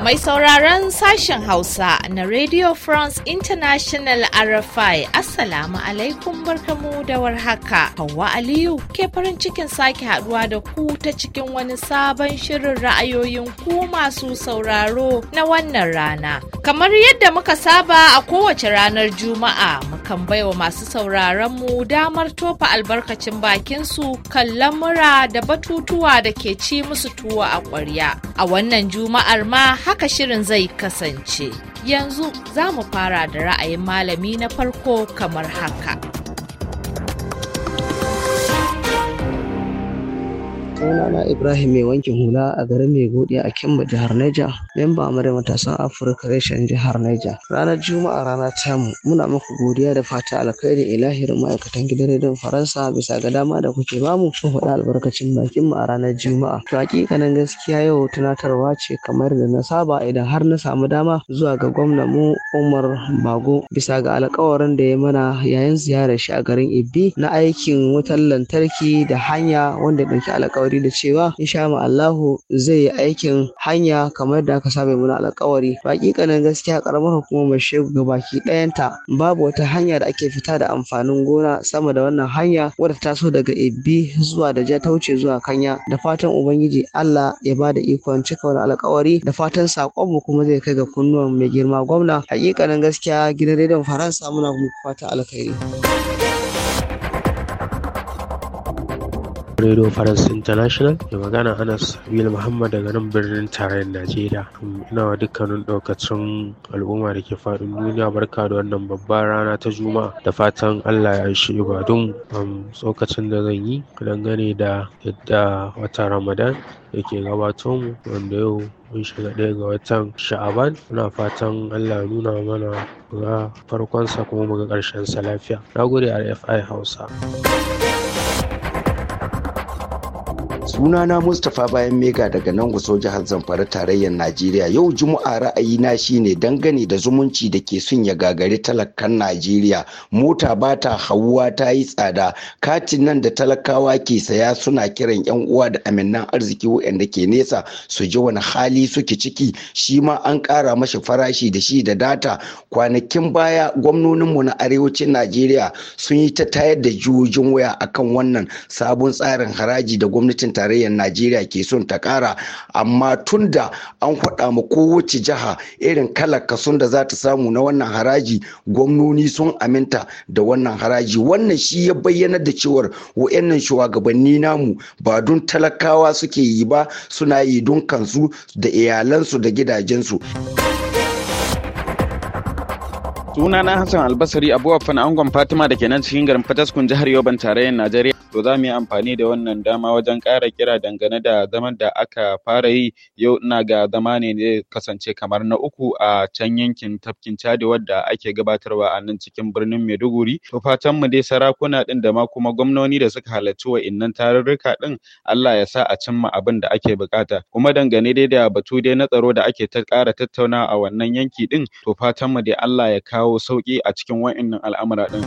Mai sauraron sashen Hausa na Radio France International RFI Assalamu alaikum barkamu da warhaka. Hauwa Aliyu ke farin cikin sake haduwa da ku ta cikin wani sabon shirin ra'ayoyin ku masu sauraro na wannan rana. Kamar yadda muka saba a kowace ranar Juma'a mukan baiwa masu sauraronmu damar tofa albarkacin bakinsu kan lamura da batutuwa da ke ci musu tuwo a ƙwarya. A wannan Juma'ar ma haka shirin zai kasance. Yanzu za mu fara da ra'ayin malami na farko kamar haka. sunana Ibrahim mai wankin hula a garin mai godiya a Kimba jihar Neja, memba amare matasan Afirka reshen jihar Neja. Ranar Juma'a rana tamu muna muku godiya da fata alkhairi ilahirin ma'aikatan gidan rediyon Faransa bisa ga dama da kuke bamu mu faɗa albarkacin bakin mu a ranar Juma'a. To hakikanin gaskiya yau tunatarwa ce kamar da na saba idan har na samu dama zuwa ga gwamna mu Umar Bago bisa ga alkawarin da ya mana yayin ziyarar shi a garin Ibbi na aikin wutar lantarki da hanya wanda ya ɗauki alkawari alƙawari da cewa insha Allahu zai yi aikin hanya kamar da aka saba mana alkawari hakikanin gaskiya karamar hukumar Shehu gabaki ɗayanta babu wata hanya da ake fita da amfanin gona sama da wannan hanya wadda ta taso daga ebi zuwa da ja wuce zuwa Kanya da fatan ubangiji Allah ya bada ikon cika wani alƙawari. da fatan sakon kuma zai kai ga kunnuwan mai girma gwamna hakikanin gaskiya gidan rediyon Faransa muna muku fata alkhairi. Radio France International da magana Anas Habil Muhammad daga nan birnin tarayyar Najeriya. Um, ina wa dukkanin ɗaukacin al'umma da ke faɗin duniya barka da wannan babbar rana ta Juma'a da fatan Allah ya shi ibadun um, tsokacin da zan yi dangane da yadda wata Ramadan da ke gabatar mu wanda yau mun shiga ɗaya ga watan sha'aban muna fatan allah ya nuna mana ga farkonsa kuma muga ga sa lafiya na gode rfi hausa sunana mustapha bayan mega daga nan guso jihar zamfara tarayyar najeriya yau juma'a ra'ayi na shine dangane da zumunci da ke sun ya gagari talakan najeriya mota ba ta hauwa ta yi tsada katin nan da talakawa ke saya suna kiran yan uwa da aminnan arziki waɗanda ke nesa su ji wani hali suke ciki shi ma an kara mashi farashi da shi da data kwanakin baya gwamnoninmu na arewacin najeriya sun yi ta tayar da jihohin waya akan wannan sabon tsarin haraji da gwamnatin ta. tarayyar najeriya ke son ta kara amma tunda an faɗa ma kowace jiha irin kala kason da za ta samu na wannan haraji gwamnoni sun aminta da wannan haraji wannan shi ya bayyana da cewar wa'annan shugabanni namu ba don talakawa suke yi ba suna yi don kansu da iyalansu da gidajensu. sunana hassan albasari abuwa fana angon fatima da ke nan cikin garin fataskun jihar yoban tarayyar najeriya to za mu yi amfani da wannan dama wajen ƙara kira dangane da zaman da aka fara yi yau ina ga zama ne zai kasance kamar na uku a can yankin tafkin Chadi wadda ake gabatarwa a nan cikin birnin Maiduguri to fatan mu dai sarakuna din da ma kuma gwamnoni da suka halarci wa'innan tarurruka ɗin! Allah ya sa a cimma abin da ake bukata kuma dangane dai da batu dai na tsaro da ake ta ƙara tattauna a wannan yanki ɗin! to fatan mu dai Allah ya kawo sauƙi a cikin wa'innan al'amura din.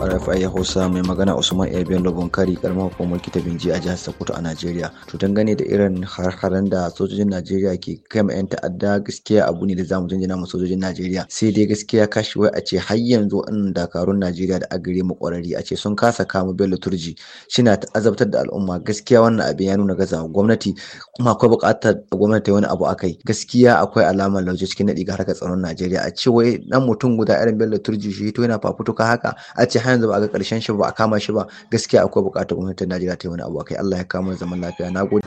RFI ya Hausa mai magana Usman Ebien Lobon Kari karamar hukumar ta binci a jihar Sokoto a Najeriya. To dangane da irin harharen da sojojin Najeriya ke kai ma 'yan ta'adda gaskiya abu ne da zamu jinjina ma sojojin Najeriya. Sai dai gaskiya kashi wai a ce har yanzu an dakarun Najeriya da agire mu kwarari a ce sun kasa kama Bello Turji shina ta azabtar da al'umma gaskiya wannan abin ya nuna gazawa gwamnati kuma akwai buƙatar gwamnati wani abu akai gaskiya akwai alamar lauje cikin nadi ga harkar tsaron Najeriya a ce wai dan mutum guda irin Bello Turji shi to yana fafutuka haka a ce har yanzu ba a ga karshen shi ba a kama shi ba gaskiya akwai bukatar gwamnatin Najeriya ta yi wani abu kai Allah ya kama zaman lafiya na gode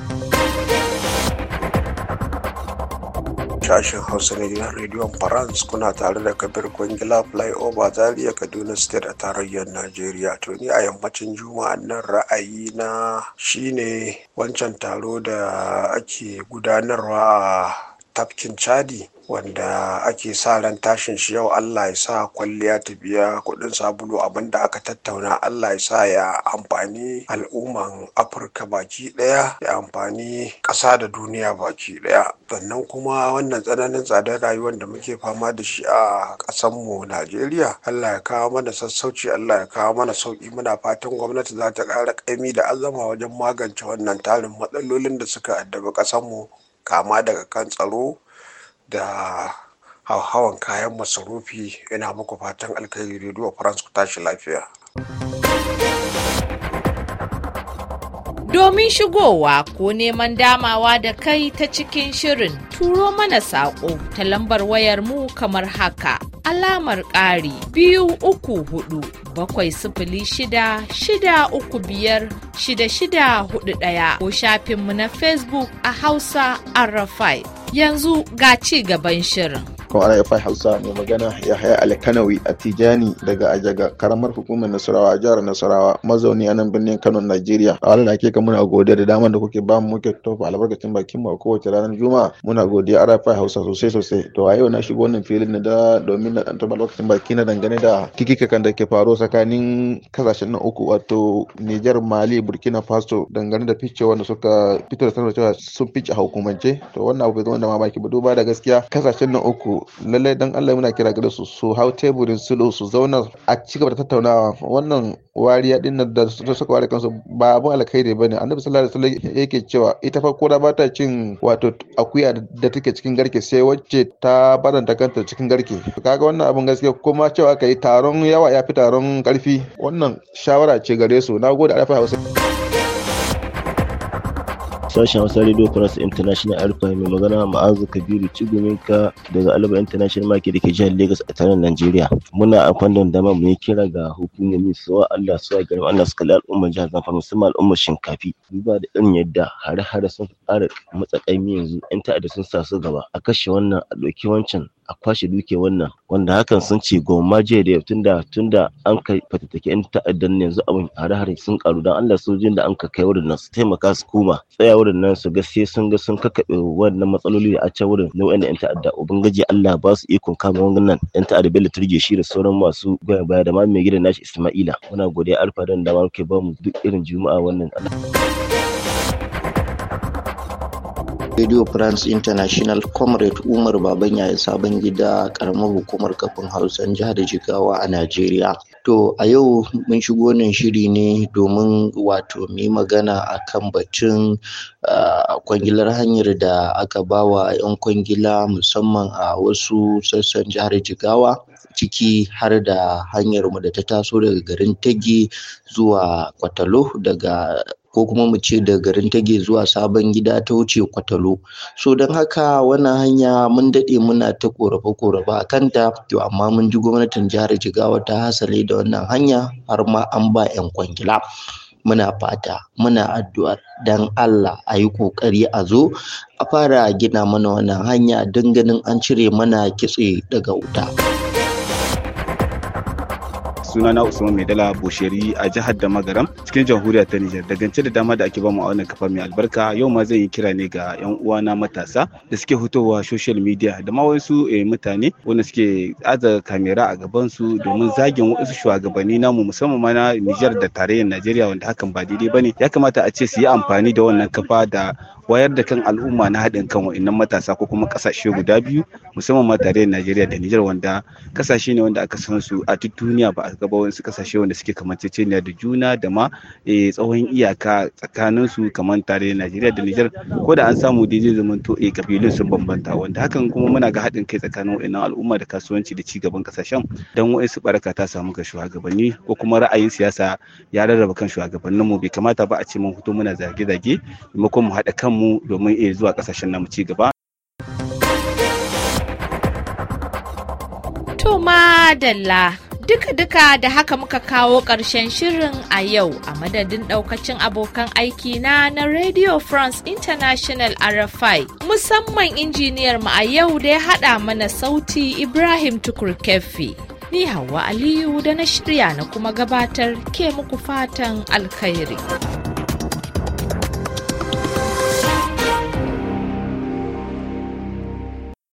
sashen hausa na gidan rediyon france kuna tare da kabir kwangila flyover zaria kaduna state a tarayyar najeriya to ni a yammacin juma'a nan ra'ayi na shine wancan taro da ake gudanarwa a tafkin chadi wanda ake sa ran tashin shi yau allah ya sa kwalliya ta biya kudin sabulu abinda aka tattauna allah ya sa ya amfani al'umman afirka baki daya ya amfani ƙasa da duniya baki daya sannan kuma wannan tsananin tsadar rayuwar da muke fama da shi a ƙasanmu najeriya allah ya kawo mana sassauci allah ya kawo mana sauki muna fatan gwamnati za ta ƙara ƙaimi da azama wajen magance wannan tarin matsalolin da suka addabi ƙasanmu kama daga kan tsaro da hauhawan kayan masarufi ina muku fatan alkhairi rediyo france ku tashi lafiya. Domin shigowa ko neman damawa da kai ta cikin shirin turo mana saƙo ta lambar wayar mu kamar haka alamar ƙari biyu uku hudu bakwai sifili shida shida uku biyar shida shida hudu ɗaya ko shafinmu na facebook a hausa arafai yanzu ga ci gaban shirin alaikum arayafai hausa mai magana yahaya alkanawi a tijani daga ajaga karamar hukumar nasarawa a jihar nasarawa mazauni a nan birnin kano najeriya a wani hakika muna godiya da damar da kuke ba mu muke tofa albarkacin bakin mu kowace ranar juma'a muna godiya arayafai hausa sosai sosai to a yau na shigo wannan filin na da domin na dan tofa albarkacin baki na dangane da kikikakan da ke faru tsakanin kasashen na uku wato Nijar Mali Burkina Faso dangane da fice wanda suka fitar da sanarwa cewa sun fice a hukumance to wannan abu bai zama da mamaki ba duba da gaskiya kasashen na uku lallai dan Allah muna kira gare su su hau teburin silo su zauna a ci gaba da tattaunawa wannan wariya din da su suka ware kansu ba abun alkhairi bane annabi sallallahu alaihi wasallam yake cewa ita fa kora ba ta cin wato akuya da take cikin garke sai wacce ta baranta kanta cikin garke kaga wannan abun gaskiya kuma cewa kai taron yawa ya fi taron karfi wannan shawara ce gare su nagode alfa hausa sashen hausa radio cross international alfa mai magana ma'azu kabiru ciguminka daga alba international market da ke jihar lagos a tarin nigeria muna a kwandon dama mu yi kira ga hukumomi suwa allah suwa garin allah su kalli al'ummar jihar zamfara musamman al'ummar shinkafi duba da irin yadda hare-hare sun ƙara matsakaimi yanzu yan ta'adda sun sa su gaba a kashe wannan a ɗauki wancan a kwashe duke wannan wanda hakan sun ce goma jiya da tunda tunda an ka fatattake yan ta'addan yanzu abin hare hare sun karu dan Allah sojin da an ka kai wurin nan su taimaka su koma tsaya wurin nan su ga sun ga sun kakabe wannan matsaloli da a can wurin na wayannan yan ta'adda ubangiji Allah ba su ikon kama wannan yan ta'adda Bello turge shi da sauran masu goyon baya da ma mai gidan nashi Isma'ila muna godiya alfa da dama muke ba duk irin juma'a wannan Allah Radio France International Comrade Umar Babanya ya sabon gida karamar hukumar kafin Hausan jihar Jigawa a Najeriya. To a yau mun shigo nan shiri ne domin wato mi magana akan batun ah, kwangilar hanyar da aka bawa 'yan kwangila musamman a wasu sassan jihar Jigawa. ciki har da hanyarmu da ta taso daga garin Tagi zuwa Kwatalo daga ko kuma mu ce da garin tage zuwa sabon gida ta wuce kwatalo so don haka wannan hanya mun daɗe muna ta korafe korafa a kanta to amma mun ji gwamnatin jihar jigawa ta hasale da wannan hanya har ma an ba 'yan kwangila muna fata muna addu'ar dan Allah a yi ƙoƙari a zo a fara gina mana wannan hanya don ganin an cire mana kitse daga wuta. sunana usman mai dala bosheri a jihar da magaram cikin jamhuriyar ta nijar gance da dama da ake bamu a wannan kafa mai albarka yau ma zan yi kira ne ga yan uwana matasa da suke hutowa social media da ma wasu eh, mutane wanda suke aza kamera a gaban su domin zagin wasu shugabanni namu musamman ma na nijar da tarayyar najeriya wanda hakan ba daidai bane ya kamata a ce su yi amfani da wannan kafa da wayar da kan al'umma na haɗin kan wa'annan matasa ko kuma ƙasashe guda biyu musamman ma tarayyar najeriya da nijar wanda ƙasashe ne wanda aka san su a duk duniya ba a gaba wasu kasashe wanda suke kamanceceniya da juna da ma eh, tsawon iyaka tsakanin su kamar tare da Najeriya da Nijar ko da an samu daidai zamanto eh kabilun sun bambanta wanda hakan kuma muna ga haɗin kai tsakanin wa'annan al'umma da kasuwanci da cigaban kasashen dan waɗansu baraka ta samu ga shugabanni ko kuma ra'ayin siyasa ya rarraba kan shugabannin mu bai kamata ba a ce mun hutu muna zage-zage maimakon mu haɗa kanmu domin eh zuwa kasashen namu ci gaba To Duka-duka da haka muka kawo ƙarshen shirin a yau a madadin ɗaukacin abokan aiki na na Radio France International RFI musamman injiniyar mu a yau da ya haɗa mana sauti Ibrahim Tukurkefi. Ni Hauwa Aliyu da na shirya na kuma gabatar ke muku fatan alkhairi.